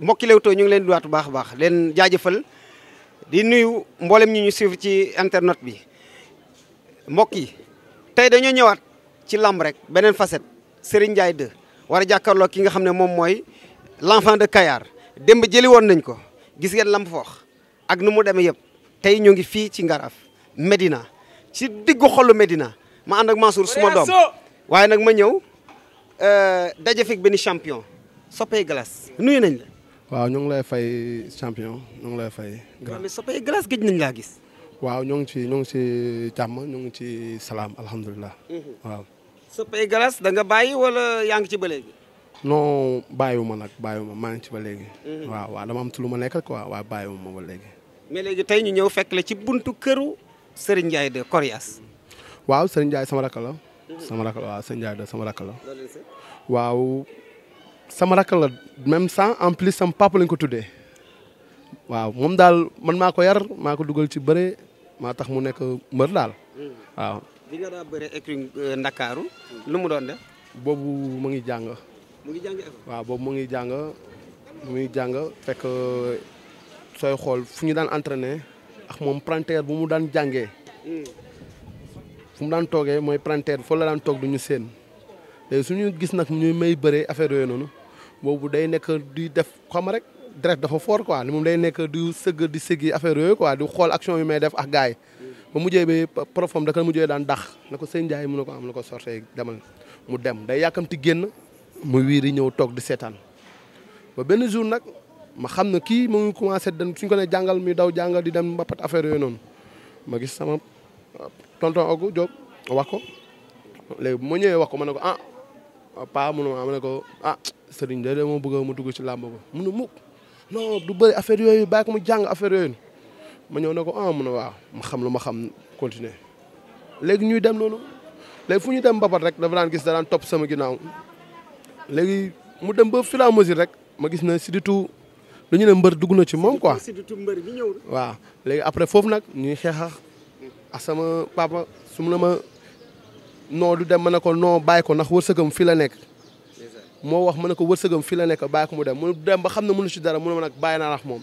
mbokki Leewtoo ñu ngi leen di waat bu baax baax leen jaajëfal di nuyu mboolem ñi ñu suivre ci internet bi mbokk yi tey dañoo ñëwaat ci làmb rek beneen facette Serigne Ndiaye 2 war a jàkkarloo ki nga xam ne moom mooy l'enfant de Kayar démb jëli woon nañ ko gis ngeen lamb foox ak nu mu demee yëpp tey ñu ngi fii ci Ngaraf Medina ci diggu xolu Medina ma ànd ak Mansour suma doom waaye nag ma ñëw euh, daje fekk benn champion soppee glace nuyu nañ la. waaw ñu ngi lay fay champion ñu ngi lay fay. grand mais nañ laa gis. waaw ñu ngi ci ñu ngi ci jàmm ñu ngi ci salaam alhamdulilah. Mhm. waaw. soppay glace da nga bàyyi wala yaa ngi ci ba léegi. non bàyyiwuma nag bàyyiwuma maa ngi ci ba léegi. Mhm. waaw waaw dama am ci lu ma nekk ko waaw bàyyiwuma ba léegi. mais tey ñu ñëw fekk la ci buntu këru Serigne Ndiaye de Coriace. waaw Serigne Ndiaye sama rakk la. Mhm. sama rakk la waaw Serigne Ndiaye de sama rakk waaw. sama rakk la même sans en plus sam papa lañ ko tuddee waaw moom daal man maa ko yar maa ko dugal ci bëre maa tax mu nekk mbër daal waaw. Euh, Ndakaaru lu mu doon def. boobu mu ngi jàng. waaw boobu mu ngi jàng mu jàng fekk euh, sooy xool fu ñu daan entraîné ak moom palanteer bu mu daan jàngee. Hmm. fu daan toogee mooy palanteer foofu la daan toog du ñu seen léegi su ñu gis nag ñuy may bëree affaire yooyu noonu. boobu day nekk di def xam rek direct dafa fort quoi moom day nekk di sëgg di sëggi affaire yooyu quoi di xool action yu may def ak gars ma ba mujjee bi profom da ka mujjee daan dax na ko sëñ Ndiaye mu ne ko am na ko sorte demal mu dem day yàkkamti génn mu wiiri ñëw toog di seetaan ba benn jour nag ma xam na kii mu ngi commencé dem suñ ko ne jàngal mi daw jàngal di dem mbappat affaire yooyu noonu ma gis sama tonton Ogu Diop wax ko léegi bu ma ñëwee wax ko ma ne ko ah Ah, paa mu ma ma ne ko ah sëriñ de moo bëgg mu dugg ci làmb ba mu ne mukk non du bëri affaire yooyu bàyyi ko mu jàng affaire yooyu ma ñëw ne ko ah mu ne waaw ma xam lu ma xam continuer léegi ñuy dem noonu léegi fu ñu dem mbapat rek dafa daan gis da daan topp sama ginnaaw léegi mu dem ba fur ma à rek ma gis na surtout lu ñu ne mbër dugg na ci moom quoi surtout mbër bi ñëw waaw léegi après foofu nag ñuy xeex ak sama papa su ma non du dem ma ne ko non bàyyi ko ndax wërsëgam fi la nekk moo wax ma ne ko wërsëgam fi la nekk bàyyi ko mu dem mu dem ba xam ne mënu ci dara mu ne ma nag bàyyi moom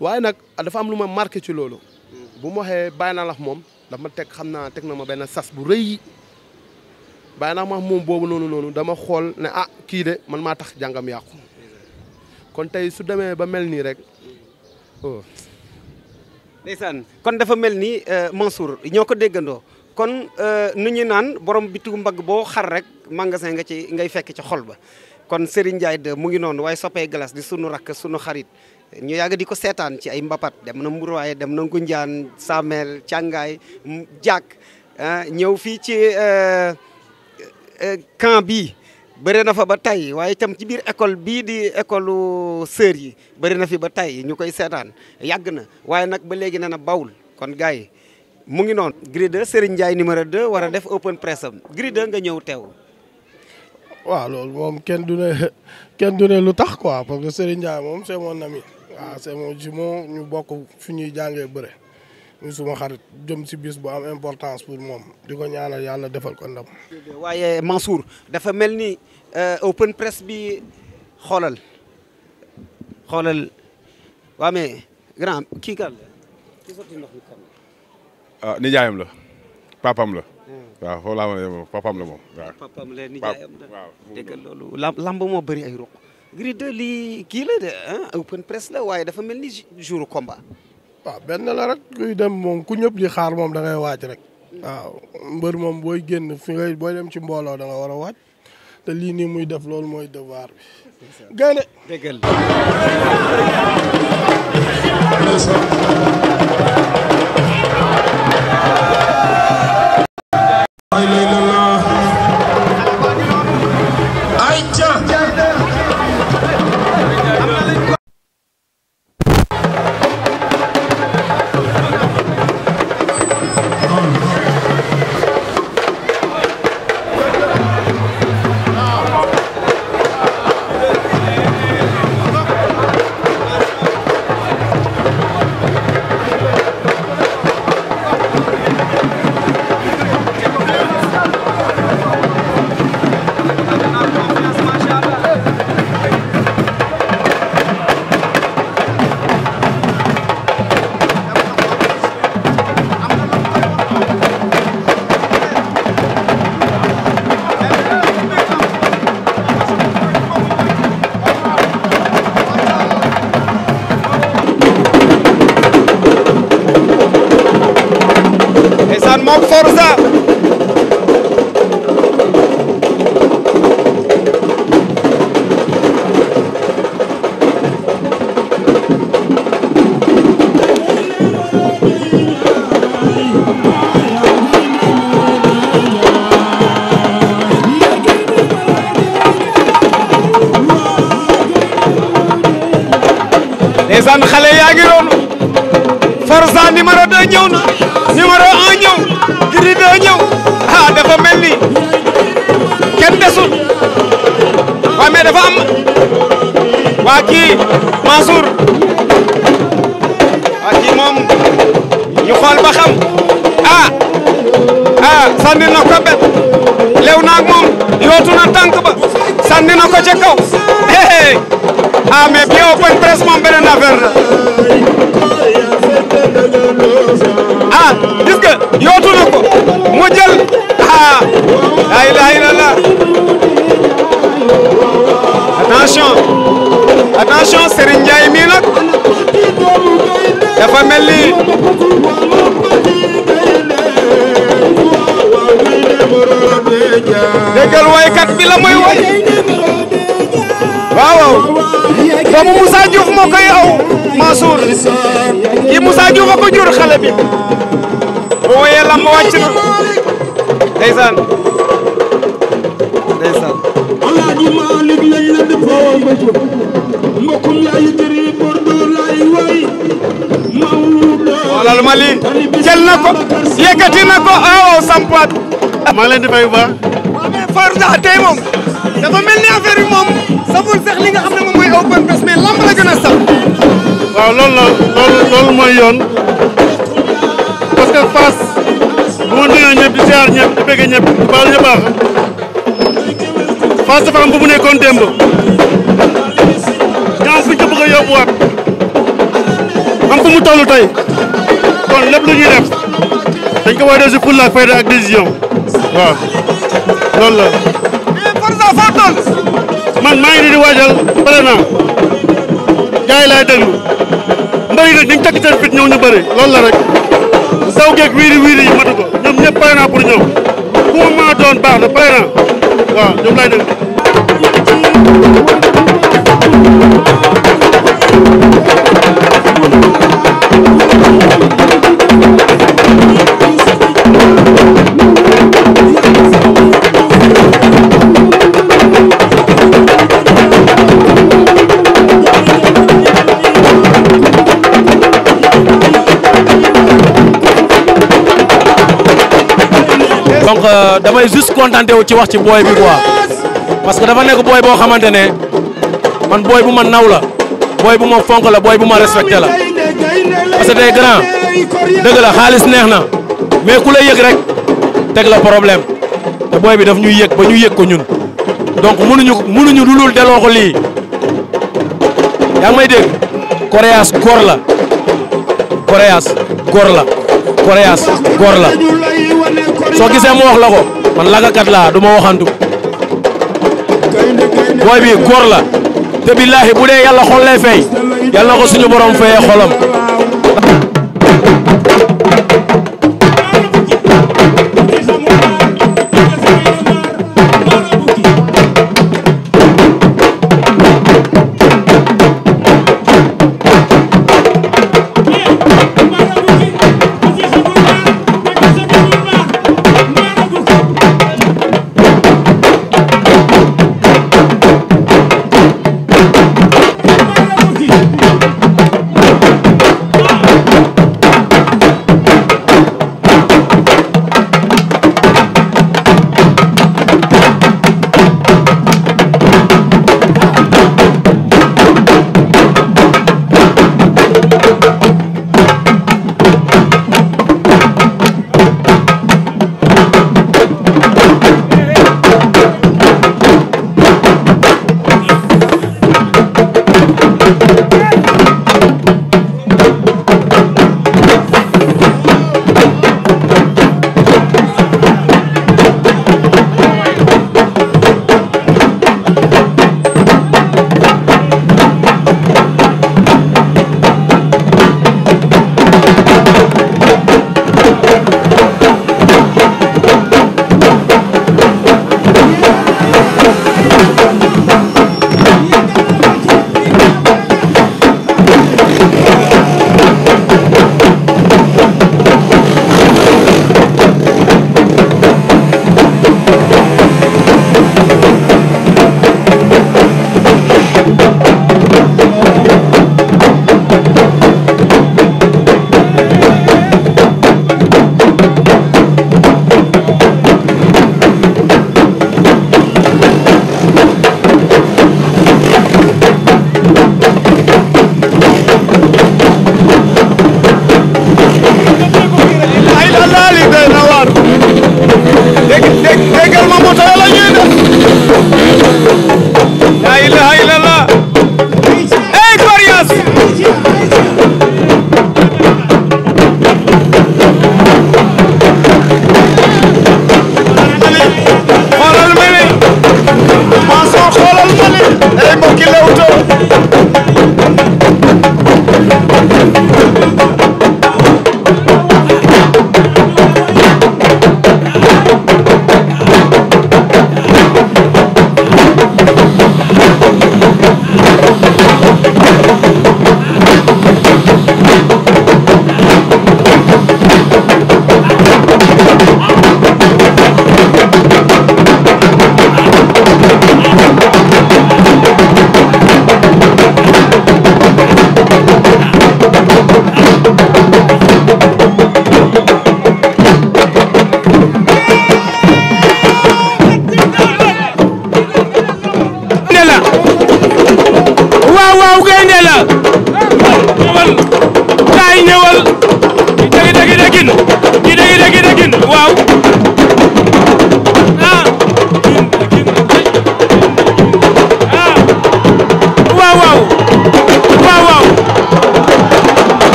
waaye nag dafa am lu ma marqué ci loolu bu ma waxee bàyyi lax moom dafa teg xam naa teg na ma benn sas bu rëy bàyyi naa ma moom boobu noonu noonu dama xool ne ah kii de man maa tax jàngam yàqu kon tey su demee ba mel nii rek oh. ndeysaan kon dafa mel ni euh, Mansour ñoo ko déggandoo kon euh, nu ñu naan borom bitigu mbagg boo xar rek magasin nga ci ngay fekk ci xol ba kon Serigne Ndiaye de mu ngi noonu waaye soppee glace di sunu rakk sunu xarit ñu yàgg di ko seetaan ci ay mbapat dem na Mburuwaay dem na njaan Samel Càngaay Jaak ah, ñëw fii ci euh, euh, camp bii bëri na fa ba tey waaye itam ci biir école bii di école sœurs yi bëri na fi ba tey ñu koy seetaan yàgg na waaye nag ba léegi nee na bawul kon gars mu ngi noonu. Gris 2 Serigne numéro 2 war a def open press am Gris nga ñëw teew. waaw loolu moom kenn du kenn du ne lu tax quoi parce que Serigne Ndiaye moom c'est mon ami waaw c'est mon jumeau ñu bokk fu ñuy jàngee bëre ñu suma xarit jëm si bis bu am importance pour moom di ko ñaanal yàlla defal ko ndam. waaye Mansour dafa mel ni euh, open press bi xoolal xoolal waa mais grand kii kan la. ah nijaayam la papam la. Hmm. waaw foofu laa mën papam la moom waaw. papam la nijaayam la waaw moo bari ay ruq. Gris 2 lii kii la de ah open press la waaye dafa mel ni jour combat. waaw benn la rek kuy dem moom ku ñëpp di xaar moom dangay ngay waaj rek. Hmm. waaw mbër moom booy génn fi ngay booy dem ci mbooloo da war a waaj te lii nii muy def loolu mooy devoir bi. gaynde ndeysaan xale yaa ngi noonu Forza numéro 2 ñëw na numéro 1 ñëw Gris 2 ñëw a dafa mel ni kenn desul waaye mais dafa am waa kii Mansour waa kii moom ñu xool ba xam ah ah sànni bet lew naag moom yootu na tànk ba sànni na ko ca ah mais bien open press moom beneen affaire la ah gis nga yootu na ko mu jël ah la ilaha illallah attention attention Serigne Ndiaye mii nag dafa mel ni déggal waykat bi la muy way waaw doomu Moussa Diouf moo koy aw Mansour kii Moussa Diouf a ko jur xale bi bu wéyee la defoon ba jóg mbokkum yaay tëri na ko yëkkati ko aw sampaat maa ngi leen di fay bu baax mais Forza dafa mel ni affaire bi moom saful sax li nga xam ne moom mooy open press mais lamb la gën a saf. waaw loolu la loolu mooy yoon parce que bu mu nekkoon démb ñu am fu ñu ko bëgg a yóbbuwaat fu mu toll tey kon lépp lu ñuy def dañ ko war a si fulla ak fayda ak waaw loolu la. Forza man maa ngi nii di waajal pare naa gars yi laay déglu mbër yi nag dañ takk la rek saw geeg wiiri wiiri yi matu ko ñoom ñëpp pare naa pour maa doon baax na pare naa ñoom laay déglu. donc euh, damay juste contenté wu ci wax ci booy bi quoi parce que dafa nekk booy boo xamante ne man booy bu man naw la booy bu ma fonk la booy bu ma respecté la parce que tey grand dëgg la xaalis neex na mais ku la yëg rek teg la problème te booy bi daf ñuy yëg ba ñu yëg ko ñun donc mënuñu mënuñu lu dul delloo ko lii yaa ngi may dégg Koréas góor la Koréas góor la Koréas góor la soo gisee mu wax la ko man lagakat laa du ma waxantu booy bi góor la te billaahi bu dee yàlla xol lay fay yàlla na suñu borom fayee xolam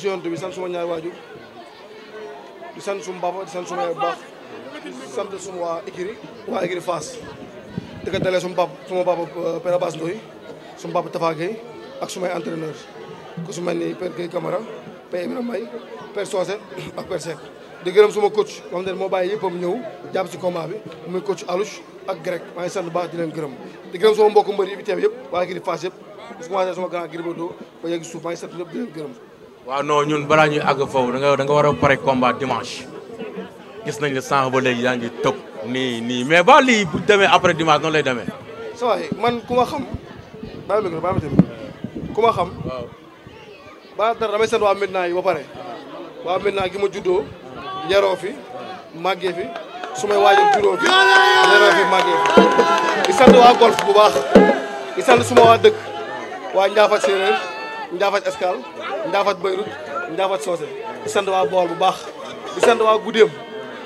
si yonent bi sant suma ñaari waajur di sant suma baba di sant suma yaay bu baax di sant suma waa Ikiri waa Ikiri Fass di suma bab suma euh, baba ak sumay entraîneur ku su mel ni Père Gueye Camara Père Ibrahima Mbaye Père Socé ak Père Seck di gërëm suma coach moom itam moo bàyyi yëppam ñëw jàpp si combat bi muy coach Alouche ak Grec maa ngi baax di leen gërëm di gërëm suma mbokku mbër yi bi teew yëpp waa Ikiri Fass yëpp su ma waxee suma grand Gris Bordeaux ba yegg suuf maa ngi sant di leen gërëm waaw non ñun balaa ñuy àgg foofu da nga da war a pare combat dimanche gis nañ la sànq ba léegi yaa ngi tëb nii nii mais ba lii bu demee après dimanche noonu lay demee. man ku ma xam. bàyyi ma bàyyi ma ku ma xam. waaw ba dara damay seet waa Medina yi ba pare. waa Medina gi ma juddoo. yaroo fi màggee fi su may waajal waa golf bu baax suma waa dëkk waa Ndiaphate séeréer Ndiaphate Escale. Ndaafat Bayrut Ndaafat Soose di sant waa Bawol bu baax di sant waa Guddeem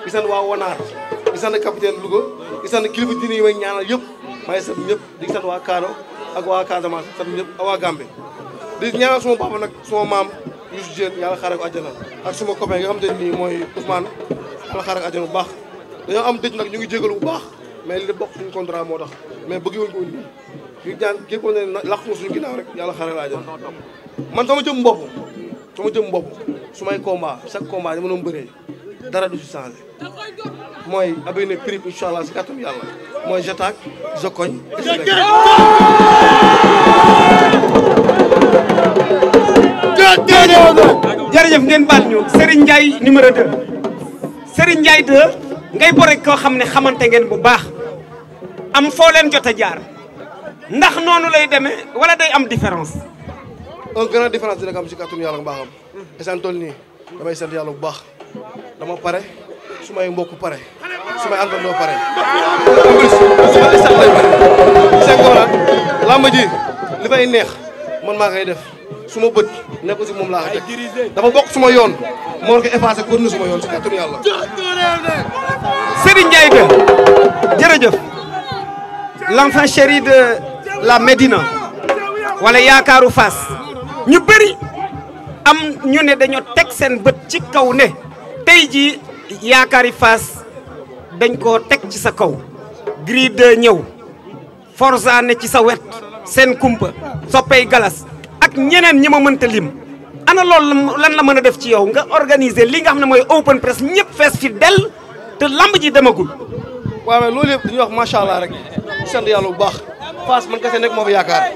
di sant waa Wanaar di sant capitaine Louga di sant kilifa diine yi may ñaanal yëpp maa ngi sant ñëpp di sant waa Kaano ak waa Casamance sant ñëpp ak waa Gambe di ñaanal suma papa nag suma maam Youssou Diène yàlla xaaral ko àjjana ak suma copain nga xam te nii mooy Ousmane yàlla xaaral ko àjjana bu baax dañoo am dëj nag ñu ngi jégalu bu baax mais li bokk suñu moo tax mais bëgg woon ko di ñaan kii ko ne lakk ko suñu ginnaaw rek mooy abay ne prix incha ngeen baal ñu Serigne Ndiaye numéro 2 Serigne Ndiaye ngay bore koo xam ne xamante ngeen bu baax am foo jot a jaar ndax noonu lay demee wala day am différence. un grand différence dina ko am si kàttanu yàlla bu baax am. esaan toll nii damay sant yàlla bu baax dama pare su may mbokk pare su may àndandoo pare. su ma esaan lay pare. seen ji li neex man maa koy def su ma bët nekkul si moom laa ko teg dafa bokk suma yoon moo war ko effacé kon ni suma yoon si kàttanu yàlla. Serigne Ndiaye Gueye jërëjëf l'enfant chéri de. la Médina wala yaakaaru Fass ñu bëri am ñu ne dañoo teg seen bët ci kaw ne tey jii yaakaari Fass dañ koo teg ci sa kaw. Gris 2 ñëw Forza ne ci sa wet seen kumpa soppey galas ak ñeneen ñi ma mënta lim ana loolu lan la mën a def ci yow nga organiser li nga xam ne mooy open press ñëpp fees fi dell te lamb ji demagul. waaw mais loolu yëpp dañuy wax macha allah rek sant yàlla bu baax. Fass man kese nekk moo fi yaakaar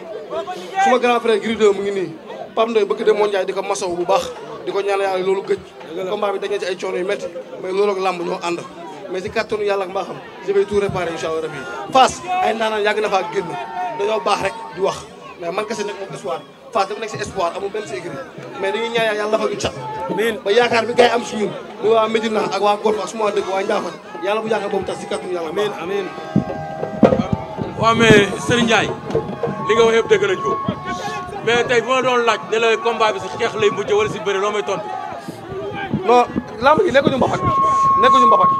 suma grand frère Gris 2 mu ngi nii Pape Ndoye bëgg de moo di ko masaw bu baax di ko ñaanal yàlla loolu gëj combat bi dañee ci ay coono yu métti mais loolu ak làmb ñoo ànd mais si kàttanu yàlla ak mbaaxam je vais tout réparer ay ndaanaan yàgg na faa génn dañoo baax rek di wax mais man kese nekk moom espoir Fass dafa nekk si espoir amul benn si écrit mais dañuy ñaan yàlla dafa ñu cat ba yaakaar bi gars am si waaw mais Serigne Ndiaye li nga wax yëpp dëgg la ñu mais tey bu ma doon laaj ne la combat bi si xeex lay mujj wala si bëre loo may tontu. non lamb ji nekkuñu mbapat nekkuñu mbapat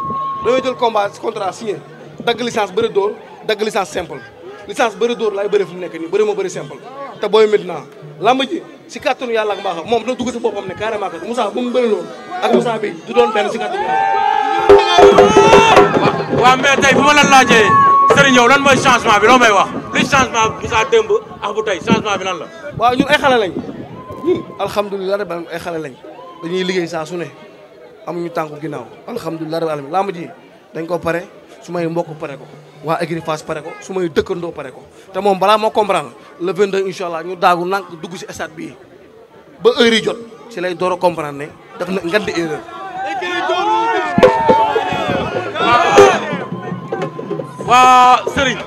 dañoo jël combat contrat signé dagg licence bëri dóor dagg licence simple licence bëri dóor laay bëri fu mu nekk ni bëri moo bëri simple te booy maintenant lamb ji si kàttanu yàlla ak mbaaxam moom dina dugg si boppam ne carrément kat Moussa bu mu bëri loolu ak Moussa bi du doon benn si kàttanu yàlla. waaw mais tey bu Serigne yow lan mooy changement bi loo may wa li changement bu saa démb ak bu tey changement bi lan la. waa ñun ay xale lañ ñun hmm, alhamdulilah rabbil ay xale lañ dañuy liggéey saa su ne amuñu tànku ginnaaw alhamdulilah rabbil alamin làmb ji dañ ko pare su may mbokk pare ko waa Agri Face pare ko su may dëkkandoo pare ko te moom balaa moo comprendre le 22 incha allah ñu daagu nànk dugg si stade bii ba heure yi jot si lay door a comprendre ne daf na ngandi erreur. waa Serigne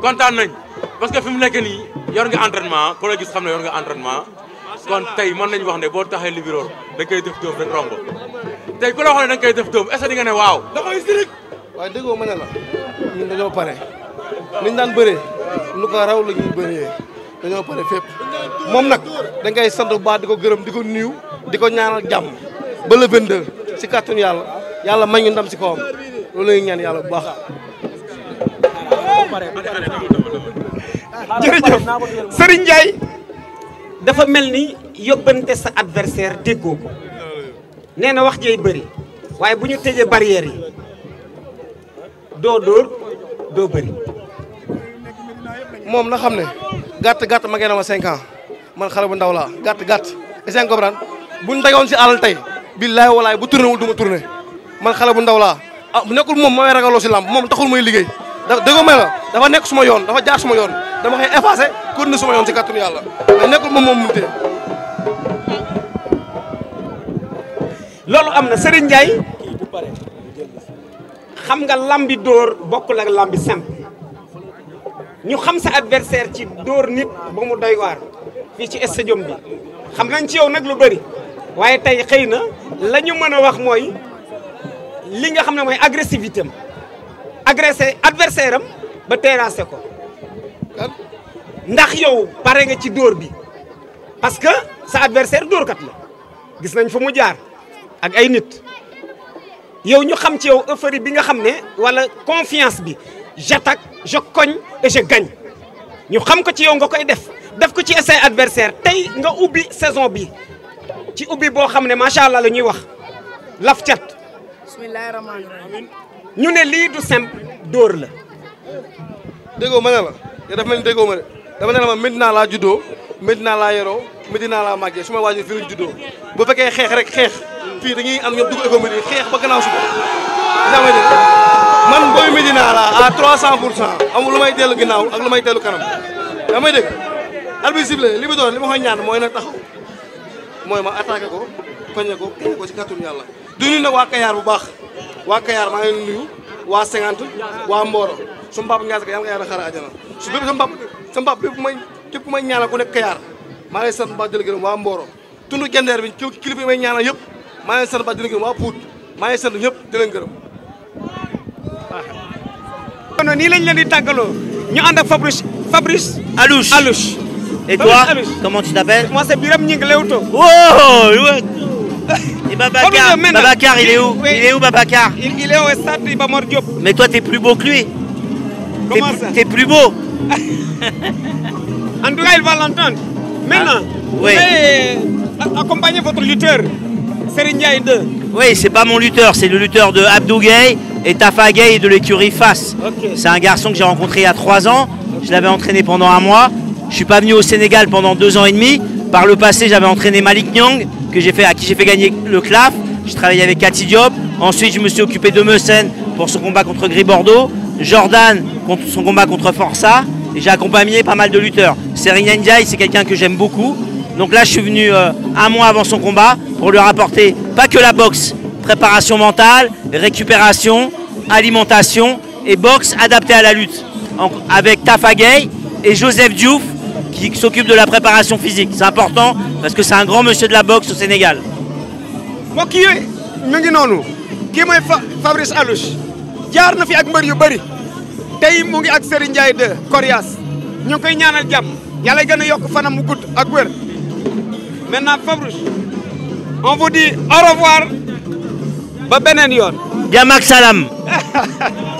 kontaan nañ parce que fi mu nekk nii yor nga entraînement ku la gis xam ne yor nga entraînement kon tey mën nañu wax ne boo taxee Libidor da koy def doom rek romb tey ku la wax ne da nga koy def doom est-ce que ne waaw. da koy sirik. waaye déggoo ma ne la ñun dañoo pare niñ daan bëree lu ko raw la ñuy dañoo pare fépp moom nag da ngay sant bu baax di ko gërëm di ko nuyu di ko ñaanal jàmm ba le 22 si kàttanu yàlla yàlla ñu ndam si kawam loolu la yàlla bu baax. jërëjëf Serigne dafa mel ni yóbbante sa adversaire déggoo ko nee na wax jey bëri waaye bu ñu tëjee barrière yi doo dóor doo bëri moom na xam ne gàtt gàtt ma ngeen ma cinq ans man xale bu ndaw laa gàtt gàtt esen gobran buñ dagoon si alal tey billaay walaay bu tourné wul du ma tourné man xale bu ndaw laa mu ah, nekkul moom may ragaloo si làmb moom taxul may liggéey ndax dëgg may la dafa nekk suma yoon dafa jaar suma yoon dama koy effacé na suma yoon ci kàttanu yàlla mais nekkul moom moom mu loolu am na sëriñ Ndiaye xam nga làmbi dóor bokkul ak làmbi simple ñu xam sa adversaire ci dóor nit ba mu doy fii ci stadium bi xam nañ ci yow nag lu bari waaye tey xëy na lañu mën a wax mooy li nga xam ne mooy agressivité am agressé adversaire am ba terrassé ko ndax yow pare nga ci dóor bi parce que sa adversaire dóorkat la gis nañ fa mu jaar ak ay nit yow ñu xam ci yow euphorie bi nga xam ne wala confiance bi j'attaque je cogne et je ñu xam ko ci yow nga koy def def ko ci essai adversaire tey nga ubbi saison bi ci ubbi boo xam ne macha allah la ñuy wax laf cat bismillahi rahmaani rahim ñu ne lii du simple dóor la. déggoo ma ne la yow mel ni déggoo ma de dama ne la ma Medina laa juddoo na laa yoroo Medina laa màggee su ma waajur fii lañ bu fekkee xeex rek xeex fii dañuy am ñoom dugg économie xeex ba gannaaw suba. man booy Medina laa à 300 pour cent amul lu may dellu ginnaaw ak lu may dellu kanam yaa may dégg. arbitre li mu doon li ma koy ñaan mooy na taxaw mooy ma attaqué ko koñe ko ko ci kàttanu yàlla. du nuyu nag waa Kayar bu baax waa Kayar maa ngi nuyu waa cinquante waa Mboro su mbab ñaas ka yàlla nga yàlla xaar bépp sa mbab sa mbab bépp may képp may ñaanal ku nekk Kayar maa ngi lay sant ba jël gërëm waa Mboro tund gendeer bi ci clip yi may ñaanal maa ngi lay sant ba jël gërëm waa Pout maa ngi sant ñëpp di leen gërëm non nii lañ leen di tàggaloo ñu ànd ak Fabrice Fabrice Alouche Alouche et toi comment tu t'appelles moi c'est Biram Gningue Leewtoo Et Babacar, il est où oui. Il est où Babacar Mais toi, t'es plus beau que lui. T'es plus beau. en il va l'entendre. Maintenant, ah, oui. Euh, accompagner votre lutteur, Serindiaï 2. Oui, c'est pas mon lutteur, c'est le lutteur de Abdou et Tafa Gay de l'écurie Face. C'est un garçon que j'ai rencontré il y a 3 ans. Je l'avais entraîné pendant un mois. Je suis pas venu au Sénégal pendant 2 ans et demi. Par le passé, j'avais entraîné Malik Nyang. que j'ai fait, à qui j'ai fait gagner le CLAF. J'ai travaillé avec Cathy Diop. Ensuite, je me suis occupé de Meussen pour son combat contre Gris Bordeaux. Jordan contre son combat contre Força. Et j'ai accompagné pas mal de lutteurs. Serena Ndiaye, c'est quelqu'un que j'aime beaucoup. Donc là, je suis venu euh, un mois avant son combat pour lui rapporter pas que la boxe, préparation mentale, récupération, alimentation et boxe adaptée à la lutte. En, avec Tafa Gay et Joseph Diouf, qui s'occupe de la préparation physique c'est important parce que c'est un grand monsieur de la boxe au Sénégal. mbokk ñu ngi noonu kii mooy Fabrice Alouche jaar na fi ak mbër yu bëri tey mu ngi ak Serigne Ndiaye de Coriace ñu koy ñaanal jàmm yàlla gën yokk fanam mu gudd ak wér maintenant on vous dit au revoir ba beneen yoon. jàmm salaam.